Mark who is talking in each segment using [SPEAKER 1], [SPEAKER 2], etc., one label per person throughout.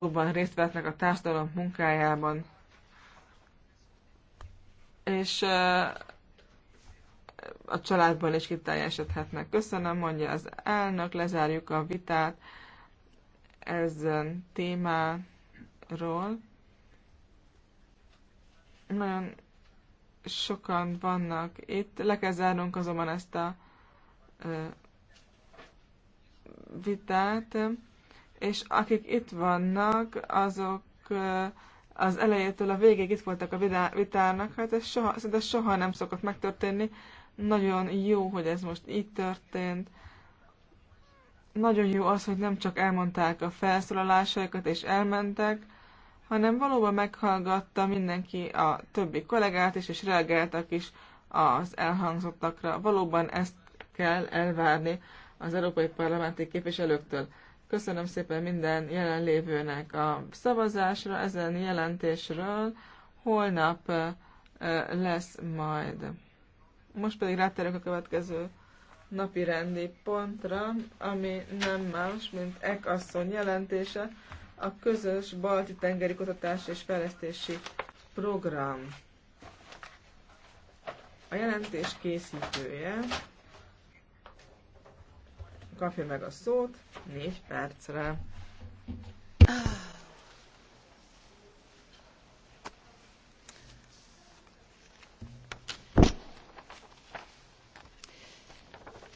[SPEAKER 1] jobban részt vettnek a társadalom munkájában. És a családban is kiteljesedhetnek. Köszönöm, mondja az elnök, lezárjuk a vitát ezen témáról. Nagyon sokan vannak itt. Le kell zárnunk azonban ezt a vitát és akik itt vannak, azok eh, az elejétől a végéig itt voltak a vitának, hát ez soha, szinte soha nem szokott megtörténni. Nagyon jó, hogy ez most így történt. Nagyon jó az, hogy nem csak elmondták a felszólalásaikat és elmentek, hanem valóban meghallgatta mindenki a többi kollégát is, és reagáltak is az elhangzottakra. Valóban ezt kell elvárni az európai parlamenti képviselőktől. Köszönöm szépen minden jelenlévőnek a szavazásra, ezen jelentésről. Holnap lesz majd. Most pedig rátérünk a következő napi rendi pontra, ami nem más, mint Ekasszony jelentése, a közös balti tengeri kutatás és fejlesztési program. A jelentés készítője kapja meg a szót négy percre.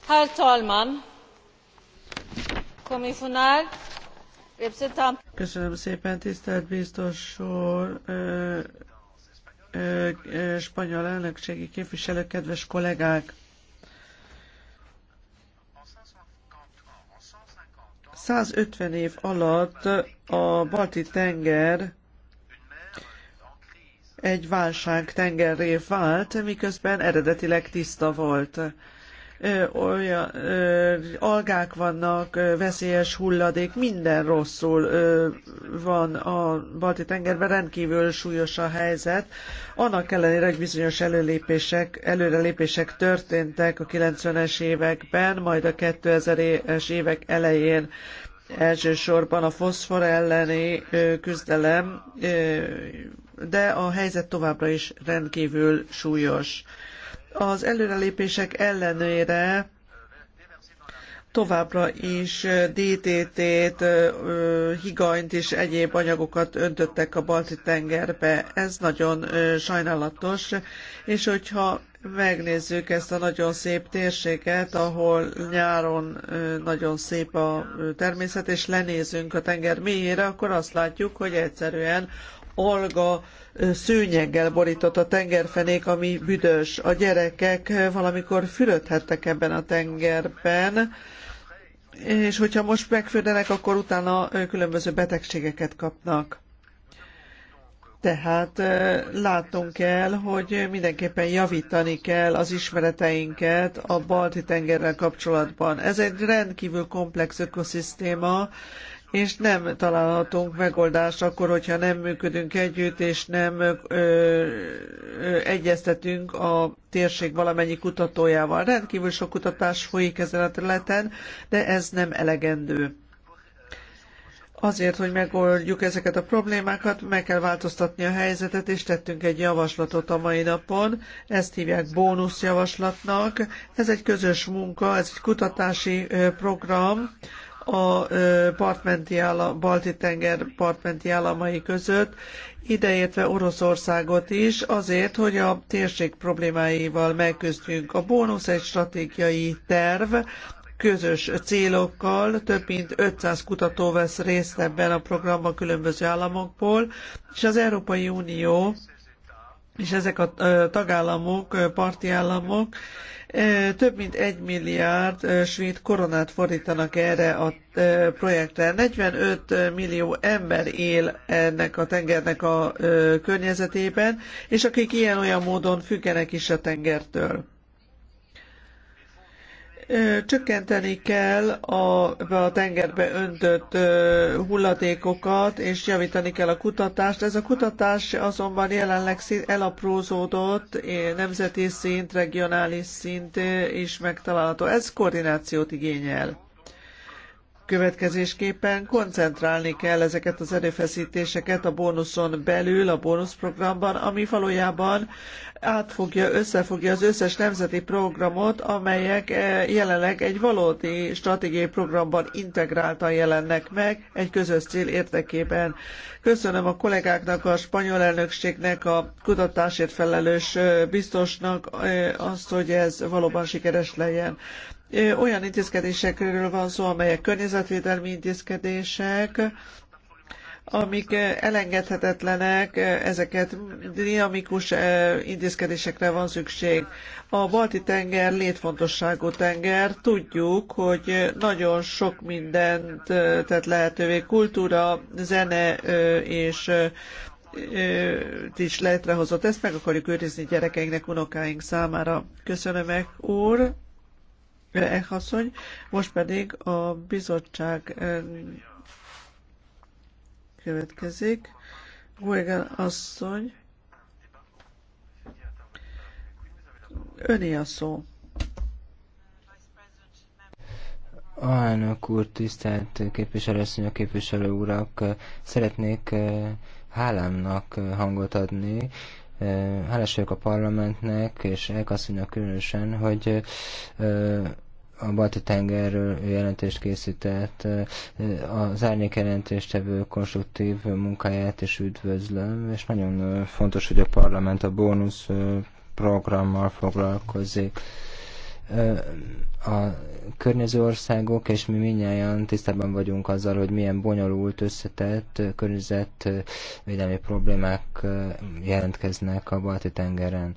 [SPEAKER 1] Herr talman! Kommissionär, representant...
[SPEAKER 2] Köszönöm szépen, tisztelt biztos úr, spanyol elnökségi képviselő, kedves kollégák! 150 év alatt a Balti tenger egy válság tengerré vált, miközben eredetileg tiszta volt olyan algák vannak, veszélyes hulladék, minden rosszul van a balti tengerben, rendkívül súlyos a helyzet. Annak ellenére, hogy bizonyos előlépések, előrelépések történtek a 90-es években, majd a 2000-es évek elején elsősorban a foszfor elleni küzdelem, de a helyzet továbbra is rendkívül súlyos az előrelépések ellenére továbbra is dtt t higanyt és egyéb anyagokat öntöttek a balti tengerbe. Ez nagyon sajnálatos, és hogyha megnézzük ezt a nagyon szép térséget, ahol nyáron nagyon szép a természet, és lenézünk a tenger mélyére, akkor azt látjuk, hogy egyszerűen alga szőnyeggel borított a tengerfenék, ami büdös. A gyerekek valamikor fürödhettek ebben a tengerben, és hogyha most megfürdenek, akkor utána különböző betegségeket kapnak. Tehát látunk kell, hogy mindenképpen javítani kell az ismereteinket a balti tengerrel kapcsolatban. Ez egy rendkívül komplex ökoszisztéma, és nem találhatunk megoldást akkor, hogyha nem működünk együtt, és nem ö, ö, egyeztetünk a térség valamennyi kutatójával. Rendkívül sok kutatás folyik ezen a területen, de ez nem elegendő. Azért, hogy megoldjuk ezeket a problémákat, meg kell változtatni a helyzetet, és tettünk egy javaslatot a mai napon. Ezt hívják bónuszjavaslatnak. Ez egy közös munka, ez egy kutatási program, a partmenti állam, balti tenger partmenti államai között, ideértve Oroszországot is, azért, hogy a térség problémáival megküzdjünk. A bónusz egy stratégiai terv, közös célokkal több mint 500 kutató vesz részt ebben a programban különböző államokból, és az Európai Unió és ezek a tagállamok, parti államok több mint egy milliárd svéd koronát fordítanak erre a projektre. 45 millió ember él ennek a tengernek a környezetében, és akik ilyen-olyan módon függenek is a tengertől. Csökkenteni kell a, a tengerbe öntött hulladékokat, és javítani kell a kutatást. Ez a kutatás azonban jelenleg elaprózódott, nemzeti szint, regionális szint is megtalálható. Ez koordinációt igényel következésképpen koncentrálni kell ezeket az erőfeszítéseket a bónuszon belül, a bónuszprogramban, ami valójában átfogja, összefogja az összes nemzeti programot, amelyek eh, jelenleg egy valódi stratégiai programban integráltan jelennek meg egy közös cél érdekében. Köszönöm a kollégáknak, a spanyol elnökségnek, a kutatásért felelős eh, biztosnak eh, azt, hogy ez valóban sikeres legyen. Olyan intézkedésekről van szó, amelyek környezetvédelmi intézkedések, amik elengedhetetlenek, ezeket dinamikus intézkedésekre van szükség. A balti tenger létfontosságú tenger, tudjuk, hogy nagyon sok mindent tett lehetővé, kultúra, zene és is létrehozott. Ezt meg akarjuk őrizni gyerekeinknek, unokáink számára. Köszönöm, úr! Eh, asszony, most pedig a bizottság eh, következik. Morgan asszony, öné a szó.
[SPEAKER 3] Alnök úr, tisztelt képviselőasszonyok, képviselő urak, eh, szeretnék hálámnak hangot adni, hálás vagyok a parlamentnek, és elkasszonynak különösen, hogy a balti tengerről jelentést készített, az árnyék jelentéstevő konstruktív munkáját is üdvözlöm, és nagyon fontos, hogy a parlament a bónusz programmal foglalkozik a környező országok, és mi minnyáján tisztában vagyunk azzal, hogy milyen bonyolult, összetett környezetvédelmi problémák jelentkeznek a Balti-tengeren.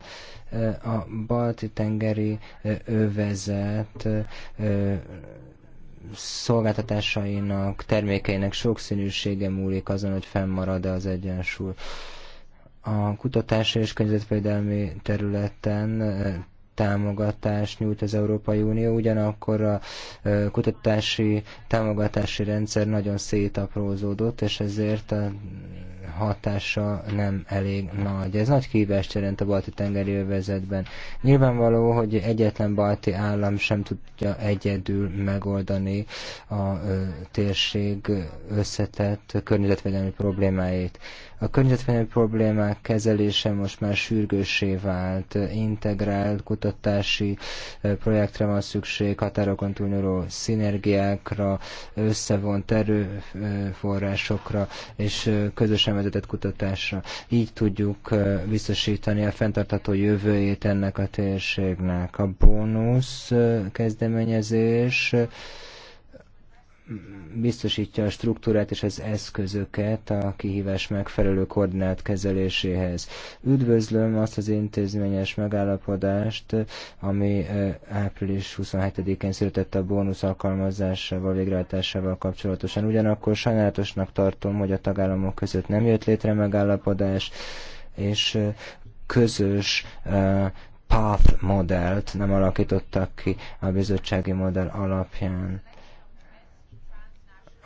[SPEAKER 3] A Balti-tengeri övezet szolgáltatásainak, termékeinek sokszínűsége múlik azon, hogy fennmarad-e az egyensúly. A kutatási és környezetvédelmi területen támogatást nyújt az Európai Unió, ugyanakkor a kutatási támogatási rendszer nagyon szétaprózódott, és ezért a hatása nem elég nagy. Ez nagy kihívást jelent a balti tengeri övezetben. Nyilvánvaló, hogy egyetlen balti állam sem tudja egyedül megoldani a térség összetett környezetvédelmi problémáit. A környezetvédelmi problémák kezelése most már sürgősé vált, integrált kutatási projektre van szükség, határokon túlnyúló szinergiákra, összevont erőforrásokra, és közösen vezetett kutatásra. Így tudjuk biztosítani a fenntartható jövőjét ennek a térségnek. A bónusz kezdeményezés biztosítja a struktúrát és az eszközöket a kihívás megfelelő koordinált kezeléséhez. Üdvözlöm azt az intézményes megállapodást, ami április 27-én született a bónusz alkalmazásával, végrehajtásával kapcsolatosan. Ugyanakkor sajnálatosnak tartom, hogy a tagállamok között nem jött létre megállapodás, és közös PATH modellt nem alakítottak ki a bizottsági modell alapján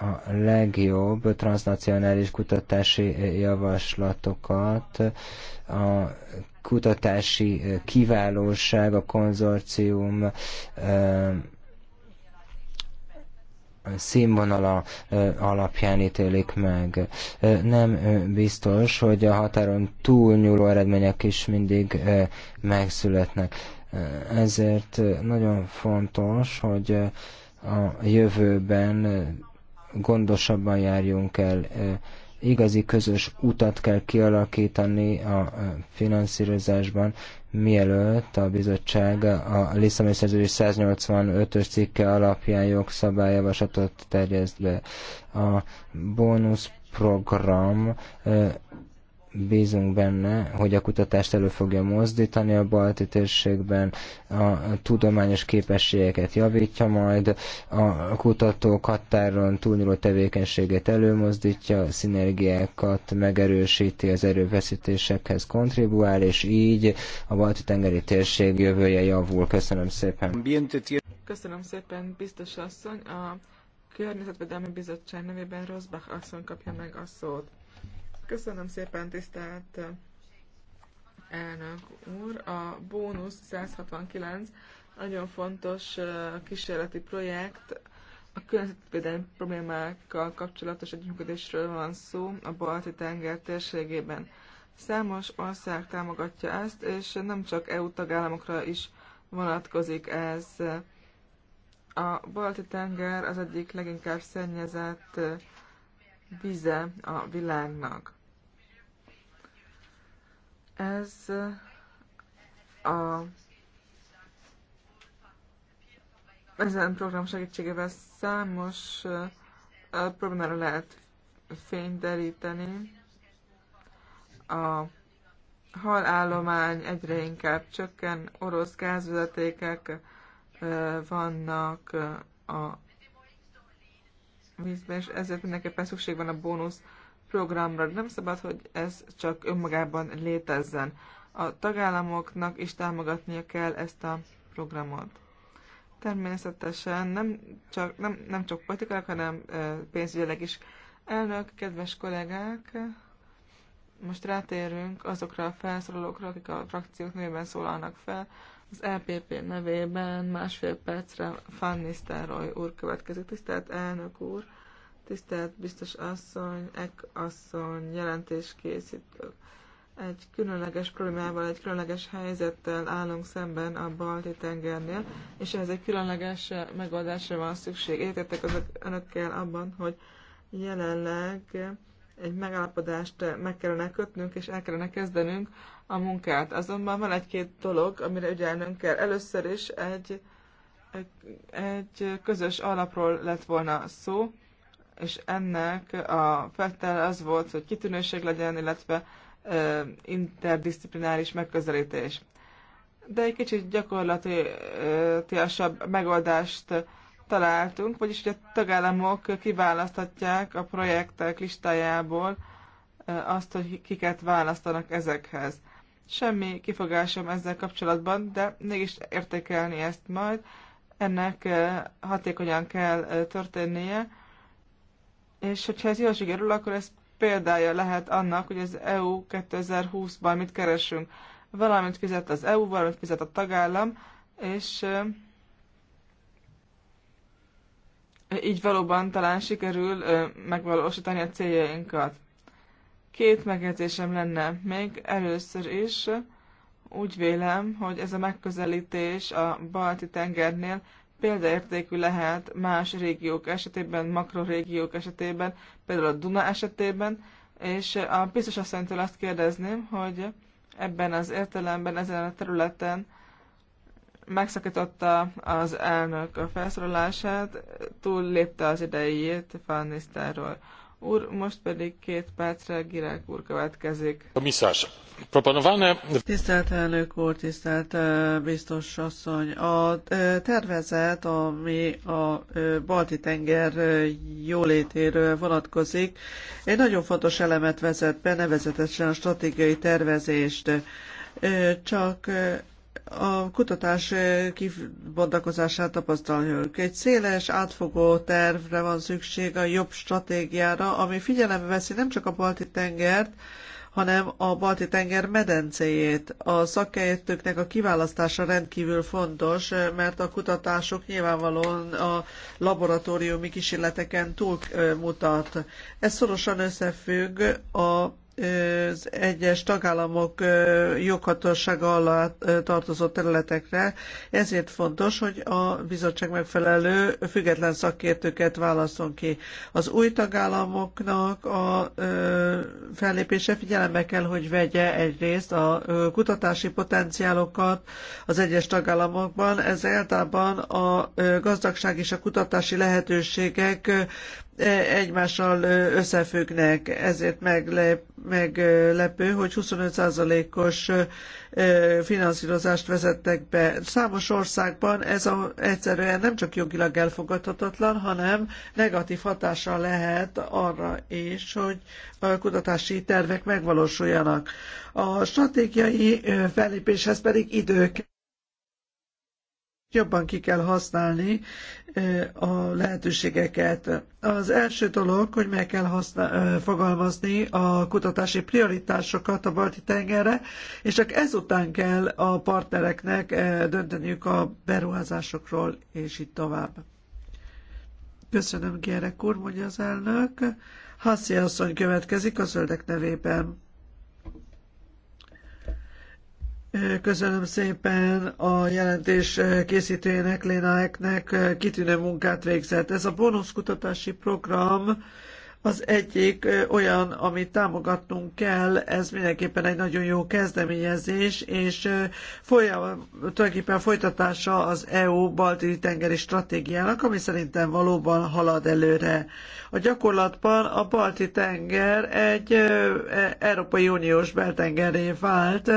[SPEAKER 3] a legjobb transnacionális kutatási javaslatokat a kutatási kiválóság, a konzorcium színvonala alapján ítélik meg. Nem biztos, hogy a határon túlnyúló eredmények is mindig megszületnek. Ezért nagyon fontos, hogy a jövőben gondosabban járjunk el, igazi közös utat kell kialakítani a finanszírozásban, mielőtt a bizottság a Lisszaboni Szerződés 185-ös cikke alapján jogszabályjavaslatot terjeszt be. A bónuszprogram bízunk benne, hogy a kutatást elő fogja mozdítani a balti térségben, a tudományos képességeket javítja majd, a kutatók határon túlnyúló tevékenységet előmozdítja, a szinergiákat megerősíti, az erőfeszítésekhez kontribuál, és így a balti tengeri térség jövője javul. Köszönöm szépen.
[SPEAKER 1] Köszönöm szépen, biztos asszony. A Környezetvédelmi Bizottság nevében Rosbach asszony kapja meg a szót. Köszönöm szépen, tisztelt eh, elnök úr. A bónusz 169 nagyon fontos eh, kísérleti projekt. A környezetvédelmi problémákkal kapcsolatos együttműködésről van szó a balti tenger térségében. Számos ország támogatja ezt, és nem csak EU tagállamokra is vonatkozik ez. A balti tenger az egyik leginkább szennyezett eh, vize a világnak. Ez a ezen program segítségével számos problémára lehet fényt deríteni. A halállomány egyre inkább csökken, orosz gázvezetékek vannak a vízben, és ezért mindenképpen szükség van a bónusz programra. Nem szabad, hogy ez csak önmagában létezzen. A tagállamoknak is támogatnia kell ezt a programot. Természetesen nem csak, nem, nem csak politikák, hanem pénzügyileg is. Elnök, kedves kollégák, most rátérünk azokra a felszólalókra, akik a frakciók nevében szólalnak fel. Az LPP e nevében másfél percre Sztároly úr következik. Tisztelt elnök úr! Tisztelt biztos asszony, ek asszony, jelentéskészítő. Egy különleges problémával, egy különleges helyzettel állunk szemben a balti tengernél, és ehhez egy különleges megoldásra van szükség. Értettek azok önökkel abban, hogy jelenleg egy megállapodást meg kellene kötnünk, és el kellene kezdenünk a munkát. Azonban van egy-két dolog, amire ügyelnünk kell. Először is egy, egy, egy közös alapról lett volna szó, és ennek a feltétele az volt, hogy kitűnőség legyen, illetve ö, interdisziplináris megközelítés. De egy kicsit gyakorlatilasabb megoldást találtunk, vagyis hogy a tagállamok kiválasztatják a projektek listájából azt, hogy kiket választanak ezekhez. Semmi kifogásom ezzel kapcsolatban, de mégis értékelni ezt majd. Ennek hatékonyan kell történnie, és hogyha ez jól sikerül, akkor ez példája lehet annak, hogy az EU 2020-ban mit keresünk. Valamit fizet az EU, valamit fizet a tagállam, és így valóban talán sikerül megvalósítani a céljainkat. Két megjegyzésem lenne még először is. Úgy vélem, hogy ez a megközelítés a Balti tengernél példaértékű lehet más régiók esetében, makrorégiók esetében, például a Duna esetében, és a biztos asszonytól azt kérdezném, hogy ebben az értelemben, ezen a területen megszakította az elnök a felszólalását, túl lépte az idejét Van úr, most pedig két percre Girák úr következik. Komisszás, proponowane...
[SPEAKER 2] Tisztelt elnök úr, tisztelt biztos asszony, a tervezet, ami a balti tenger jólétéről vonatkozik, egy nagyon fontos elemet vezet be, nevezetesen a stratégiai tervezést. Csak a kutatás eh, kibontakozását tapasztaljuk. Egy széles, átfogó tervre van szükség a jobb stratégiára, ami figyelembe veszi nem csak a balti tengert, hanem a balti tenger medencéjét. A szakértőknek a kiválasztása rendkívül fontos, eh, mert a kutatások nyilvánvalóan a laboratóriumi kísérleteken túlmutat. Eh, Ez szorosan összefügg a az egyes tagállamok joghatósága alá tartozó területekre. Ezért fontos, hogy a bizottság megfelelő független szakértőket válaszol ki. Az új tagállamoknak a fellépése figyelembe kell, hogy vegye egyrészt a kutatási potenciálokat az egyes tagállamokban. Ez általában a gazdagság és a kutatási lehetőségek egymással összefüggnek, ezért meglepő, hogy 25%-os finanszírozást vezettek be. Számos országban ez a, egyszerűen nem csak jogilag elfogadhatatlan, hanem negatív hatása lehet arra is, hogy a kutatási tervek megvalósuljanak. A stratégiai fellépéshez pedig idő kell jobban ki kell használni a lehetőségeket. Az első dolog, hogy meg kell használ, fogalmazni a kutatási prioritásokat a balti tengerre, és csak ezután kell a partnereknek dönteniük a beruházásokról, és így tovább. Köszönöm, Gyerek úr, mondja az elnök. Haszi asszony következik a zöldek nevében. Köszönöm szépen a jelentés készítőjének, Léna Eknek kitűnő munkát végzett. Ez a bónuszkutatási program az egyik olyan, amit támogatnunk kell, ez mindenképpen egy nagyon jó kezdeményezés, és folyam, tulajdonképpen folytatása az EU balti tengeri stratégiának, ami szerintem valóban halad előre. A gyakorlatban a balti tenger egy e, Európai Uniós beltengeré vált,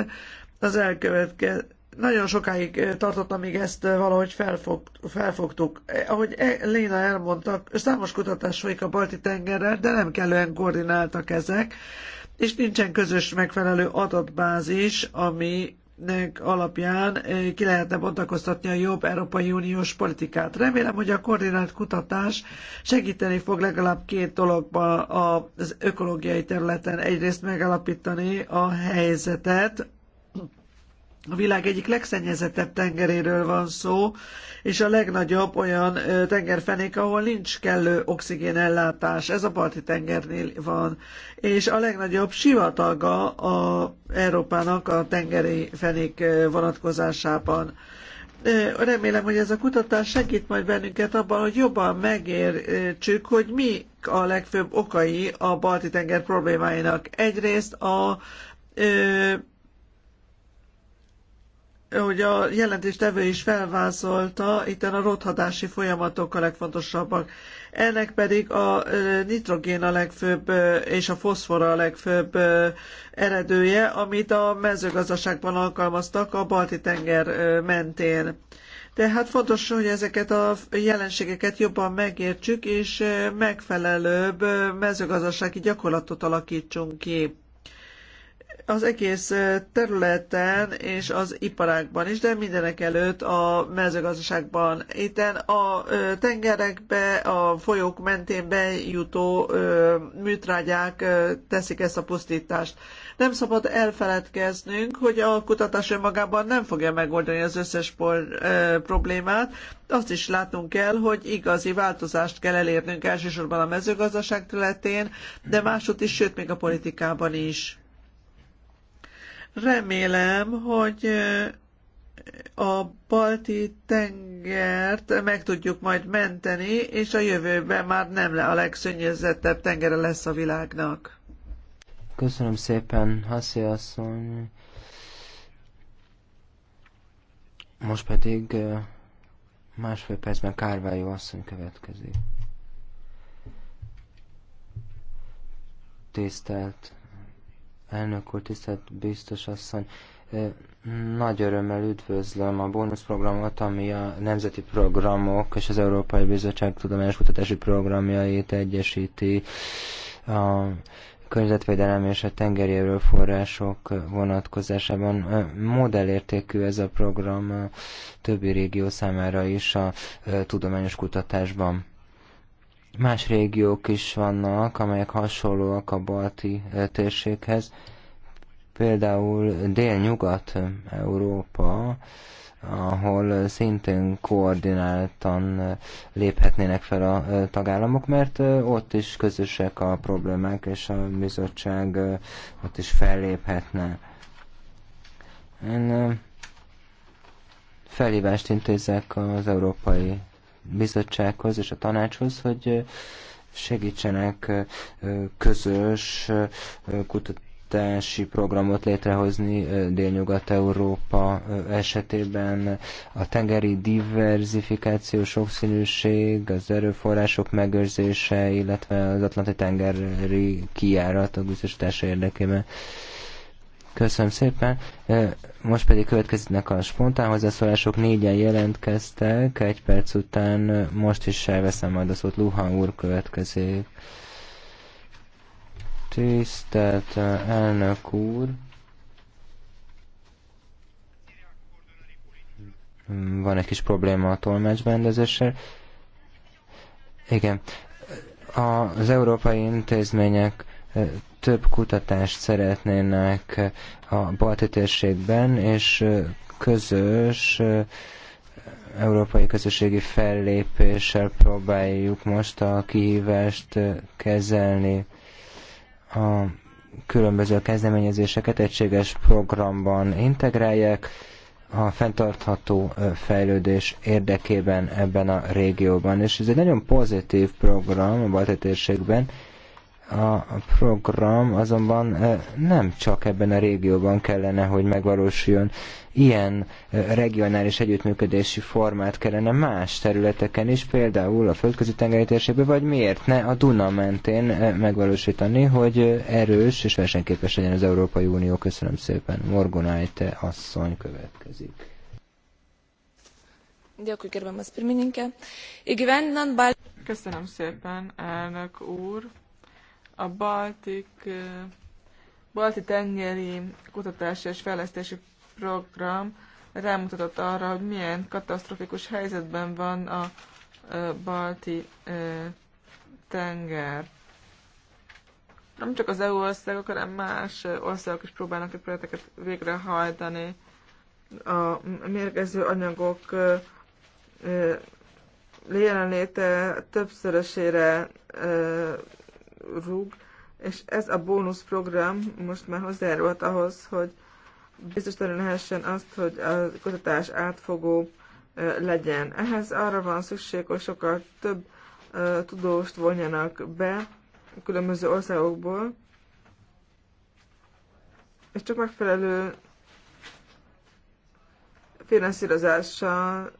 [SPEAKER 2] az elkövetkezett. nagyon sokáig tartott, amíg ezt valahogy felfog, felfogtuk. Eh, ahogy e, Léna elmondta, számos kutatás folyik a balti tengerrel, de nem kellően koordináltak ezek, és nincsen közös megfelelő adatbázis, ami alapján ki lehetne bontakoztatni a jobb Európai Uniós politikát. Remélem, hogy a koordinált kutatás segíteni fog legalább két dologban az ökológiai területen. Egyrészt megalapítani a helyzetet, a világ egyik legszennyezettebb tengeréről van szó, és a legnagyobb olyan tengerfenék, ahol nincs kellő oxigénellátás. Ez a parti tengernél van. És a legnagyobb sivataga a Európának a tengeri fenék vonatkozásában. Remélem, hogy ez a kutatás segít majd bennünket abban, hogy jobban megértsük, hogy mi a legfőbb okai a balti tenger problémáinak. Egyrészt a hogy a jelentéstevő is felvázolta, itt a rothadási folyamatok a legfontosabbak. Ennek pedig a nitrogén a legfőbb, és a foszfor a legfőbb eredője, amit a mezőgazdaságban alkalmaztak a Balti-tenger mentén. Tehát fontos, hogy ezeket a jelenségeket jobban megértsük, és megfelelőbb mezőgazdasági gyakorlatot alakítsunk ki az egész területen és az iparákban is, de mindenek előtt a mezőgazdaságban. Itt a tengerekbe, a folyók mentén bejutó műtrágyák teszik ezt a pusztítást. Nem szabad elfeledkeznünk, hogy a kutatás önmagában nem fogja megoldani az összes por, problémát. Azt is látnunk kell, hogy igazi változást kell elérnünk elsősorban a mezőgazdaság területén, de máshogy is, sőt, még a politikában is. Remélem, hogy a balti tengert meg tudjuk majd menteni, és a jövőben már nem le a legszönnyezettebb tengere lesz a világnak.
[SPEAKER 3] Köszönöm szépen, Haszi asszony. Most pedig másfél percben Kárvályó asszony következik. Tisztelt elnök úr, tisztelt biztos asszony. Nagy örömmel üdvözlöm a bónuszprogramot, ami a nemzeti programok és az Európai Bizottság tudományos kutatási programjait egyesíti. A környezetvédelem és a tengeri erőforrások vonatkozásában modellértékű ez a program többi régió számára is a tudományos kutatásban. Más régiók is vannak, amelyek hasonlóak a balti térséghez. Például Dél-Nyugat-Európa, ahol szintén koordináltan léphetnének fel a tagállamok, mert ott is közösek a problémák, és a bizottság ott is felléphetne. Én felhívást intézek az Európai bizottsághoz és a tanácshoz, hogy segítsenek közös kutatási programot létrehozni Délnyugat-Európa esetében. A tengeri diversifikáció, sokszínűség, az erőforrások megőrzése, illetve az Atlanti tengeri kiárat a biztosítása érdekében. Köszönöm szépen. Most pedig következnek a spontán hozzászólások. Négyen jelentkeztek, egy perc után most is elveszem majd a szót. Luhan úr következik. Tisztelt elnök úr! Van egy kis probléma a tolmácsbendezéssel. Igen. Az európai intézmények több kutatást szeretnének a balti térségben, és közös európai közösségi fellépéssel próbáljuk most a kihívást kezelni. A különböző kezdeményezéseket egységes programban integrálják a fenntartható fejlődés érdekében ebben a régióban. És ez egy nagyon pozitív program a balti térségben, a program azonban e, nem csak ebben a régióban kellene, hogy megvalósuljon. Ilyen e, regionális együttműködési formát kellene más területeken is, például a földközi tengeri térségben, vagy miért ne a Duna mentén e, megvalósítani, hogy erős és versenyképes legyen az Európai Unió. Köszönöm szépen. Morgonájte asszony következik.
[SPEAKER 1] Köszönöm szépen, elnök úr a Baltik, Balti tengeri kutatási és fejlesztési program rámutatott arra, hogy milyen katasztrofikus helyzetben van a Balti tenger. Nem csak az EU országok, hanem más országok is próbálnak egy projekteket végrehajtani a mérgező anyagok jelenléte többszörösére rúg, és ez a program most már hozzájárult ahhoz, hogy biztosítani lehessen azt, hogy a kutatás átfogó legyen. Ehhez arra van szükség, hogy sokkal több tudóst vonjanak be különböző országokból, és csak megfelelő finanszírozással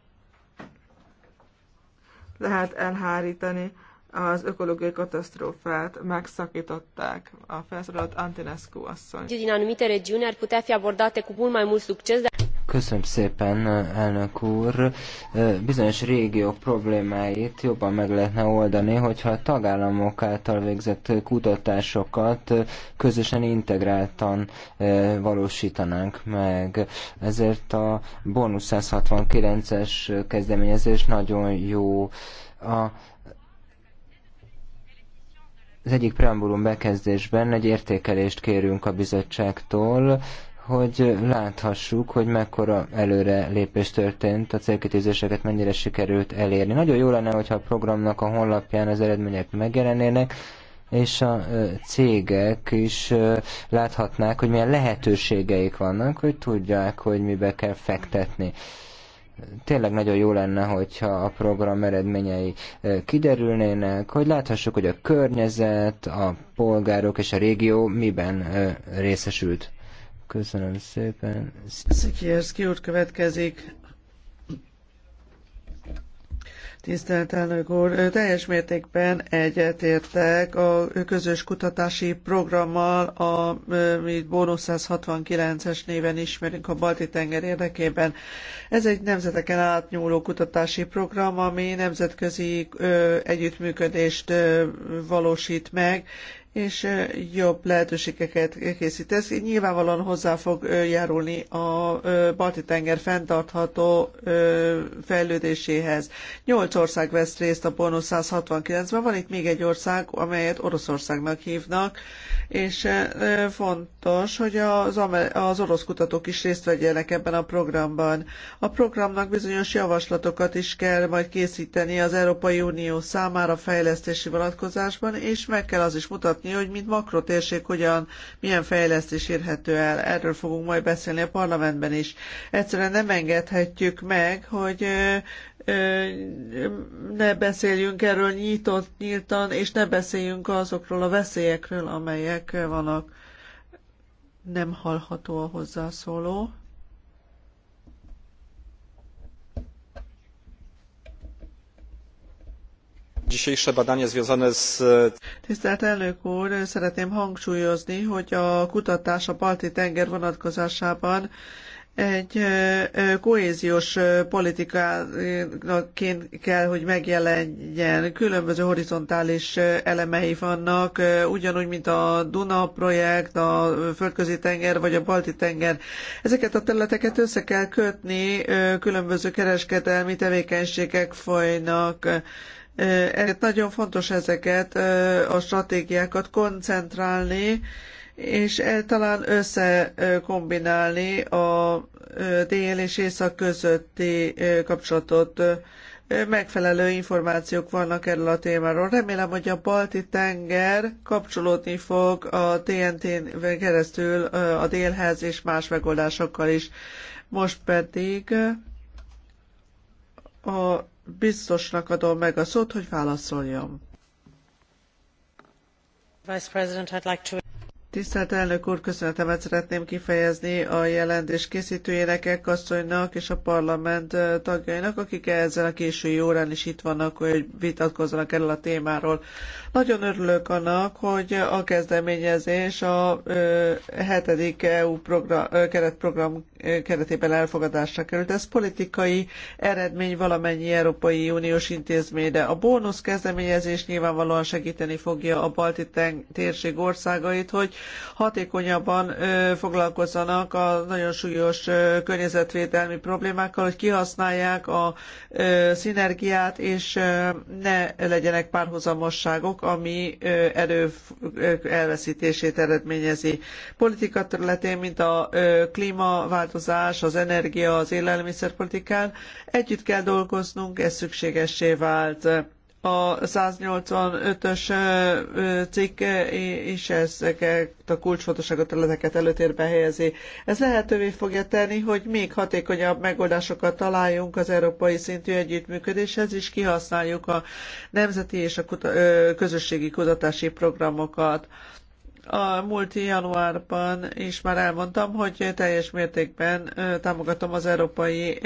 [SPEAKER 1] lehet elhárítani az ökológiai katasztrófát megszakították. A felszólalt Antinescu asszony.
[SPEAKER 3] Köszönöm szépen, elnök úr. Bizonyos régiók problémáit jobban meg lehetne oldani, hogyha a tagállamok által végzett kutatásokat közösen integráltan valósítanánk meg. Ezért a Bonus 169-es kezdeményezés nagyon jó. A az egyik preambulum bekezdésben egy értékelést kérünk a bizottságtól, hogy láthassuk, hogy mekkora előre lépés történt, a célkitűzéseket mennyire sikerült elérni. Nagyon jó lenne, hogyha a programnak a honlapján az eredmények megjelennének, és a cégek is láthatnák, hogy milyen lehetőségeik vannak, hogy tudják, hogy mibe kell fektetni tényleg nagyon jó lenne, hogyha a program eredményei kiderülnének, hogy láthassuk, hogy a környezet, a polgárok és a régió miben részesült. Köszönöm szépen.
[SPEAKER 2] Szikierszki úr következik. Tisztelt elnök úr, teljes mértékben egyetértek a közös kutatási programmal, amit Bónusz 169-es néven ismerünk a Balti-tenger érdekében. Ez egy nemzeteken átnyúló kutatási program, ami nemzetközi együttműködést valósít meg, és jobb lehetőségeket készít. Ez nyilvánvalóan hozzá fog járulni a Balti-tenger fenntartható fejlődéséhez. Nyolc ország vesz részt a bónusz 169-ben, van itt még egy ország, amelyet Oroszországnak hívnak, és fontos, hogy az, az orosz kutatók is részt vegyenek ebben a programban. A programnak bizonyos javaslatokat is kell majd készíteni az Európai Unió számára fejlesztési vonatkozásban, és meg kell az is mutatni, látni, hogy mint makrotérség hogyan, milyen fejlesztés érhető el. Erről fogunk majd beszélni a parlamentben is. Egyszerűen nem engedhetjük meg, hogy ne beszéljünk erről nyitott, nyíltan, és ne beszéljünk azokról a veszélyekről, amelyek vannak. Nem hallható a hozzászóló.
[SPEAKER 3] Dzisiejsze badanie związane z...
[SPEAKER 2] Tisztelt elnök úr, szeretném hangsúlyozni, hogy a kutatás a balti tenger vonatkozásában egy kohéziós politikaként kell, hogy megjelenjen. Különböző horizontális elemei vannak, ugyanúgy, mint a Duna projekt, a Földközi tenger vagy a Balti tenger. Ezeket a területeket össze kell kötni, különböző kereskedelmi tevékenységek folynak ezért nagyon fontos ezeket a stratégiákat koncentrálni, és e, talán összekombinálni a dél és észak közötti kapcsolatot. Megfelelő információk vannak erről a témáról. Remélem, hogy a balti tenger kapcsolódni fog a TNT-n keresztül a délhez és más megoldásokkal is. Most pedig a biztosnak adom meg a szót, hogy válaszoljon. Vice President, I'd like to... Tisztelt elnök úr, köszönetemet szeretném kifejezni a jelentés készítőjének, asszonynak és a parlament tagjainak, akik ezzel a késői órán is itt vannak, hogy vitatkozzanak erről a témáról. Nagyon örülök annak, hogy a kezdeményezés a hetedik EU program, keretprogram keretében elfogadásra került. Ez politikai eredmény valamennyi Európai Uniós intézményre. A bónusz kezdeményezés nyilvánvalóan segíteni fogja a balti térség országait, hogy hatékonyabban foglalkozzanak a nagyon súlyos környezetvédelmi problémákkal, hogy kihasználják a szinergiát, és ne legyenek párhuzamosságok, ami erő elveszítését eredményezi. Politika területén, mint a klímaváltozás, az energia, az élelmiszerpolitikán együtt kell dolgoznunk, ez szükségessé vált a 185-ös cikk is ezeket a kulcsfontosságú területeket előtérbe helyezi. Ez lehetővé fogja tenni, hogy még hatékonyabb megoldásokat találjunk az európai szintű együttműködéshez, és kihasználjuk a nemzeti és a közösségi kutatási programokat. A múlt januárban is már elmondtam, hogy teljes mértékben támogatom az európai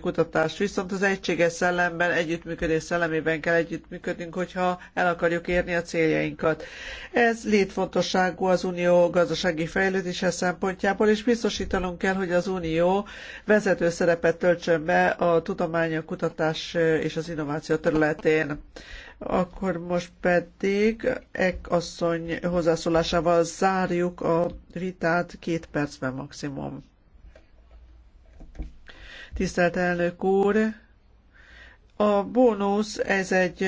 [SPEAKER 2] kutatást, viszont az egységes szellemben, együttműködés szellemében kell együttműködnünk, hogyha el akarjuk érni a céljainkat. Ez létfontosságú az unió gazdasági fejlődése szempontjából, és biztosítanunk kell, hogy az unió vezető szerepet töltsön be a tudomány, a kutatás és az innováció területén. Akkor most pedig Ek asszony hozzászólásával zárjuk a vitát két percben maximum. Tisztelt elnök úr! A bónusz ez egy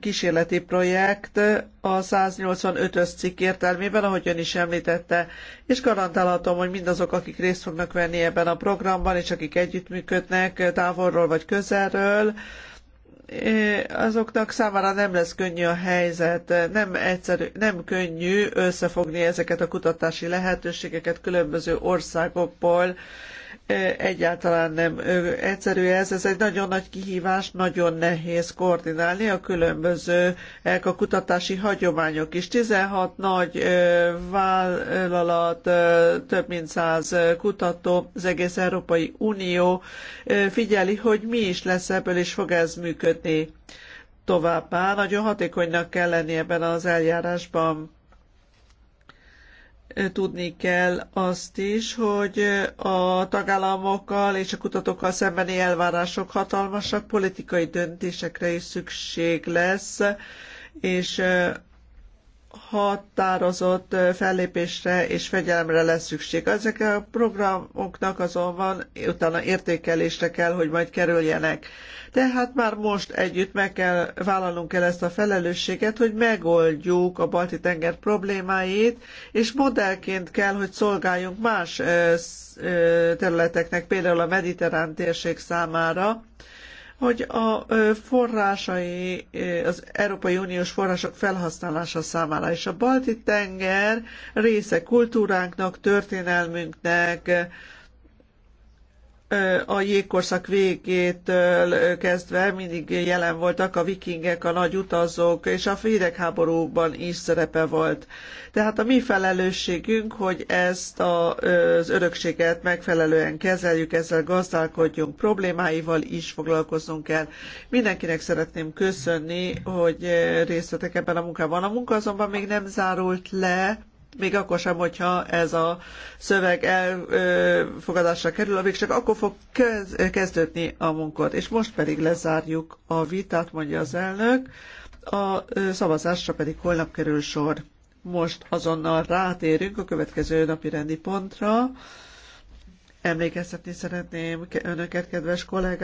[SPEAKER 2] kísérleti projekt a 185-ös cikk értelmében, ahogy ön is említette, és garantálhatom, hogy mindazok, akik részt fognak venni ebben a programban, és akik együttműködnek távolról vagy közelről, azoknak számára nem lesz könnyű a helyzet, nem, egyszerű, nem könnyű összefogni ezeket a kutatási lehetőségeket különböző országokból, egyáltalán nem egyszerű ez, ez egy nagyon nagy kihívás, nagyon nehéz koordinálni a különböző a kutatási hagyományok is. 16 nagy vállalat, több mint 100 kutató, az egész Európai Unió figyeli, hogy mi is lesz ebből, és fog ez működni. Továbbá nagyon hatékonynak kell lenni ebben az eljárásban tudni kell azt is, hogy a tagállamokkal és a kutatókkal szembeni elvárások hatalmasak, politikai döntésekre is szükség lesz, és határozott fellépésre és fegyelemre lesz szükség. Ezek a programoknak azonban utána értékelésre kell, hogy majd kerüljenek. Tehát már most együtt meg kell, vállalnunk el ezt a felelősséget, hogy megoldjuk a balti tenger problémáit, és modellként kell, hogy szolgáljunk más területeknek, például a mediterrán térség számára, hogy a forrásai, az Európai Uniós források felhasználása számára és a Balti tenger része kultúránknak, történelmünknek, a jégkorszak végétől kezdve mindig jelen voltak a vikingek, a nagy utazók, és a hidegháborúban is szerepe volt. Tehát a mi felelősségünk, hogy ezt a, az örökséget megfelelően kezeljük, ezzel gazdálkodjunk, problémáival is foglalkoznunk kell. Mindenkinek szeretném köszönni, hogy részt vettek ebben a munkában. A munka azonban még nem zárult le, még akkor sem, hogyha ez a szöveg elfogadásra kerül, amíg csak akkor fog kezdődni a munkot. És most pedig lezárjuk a vitát, mondja az elnök, a szavazásra pedig holnap kerül sor. Most azonnal rátérünk a következő napi rendi pontra. Emlékeztetni szeretném önöket, kedves kollégák,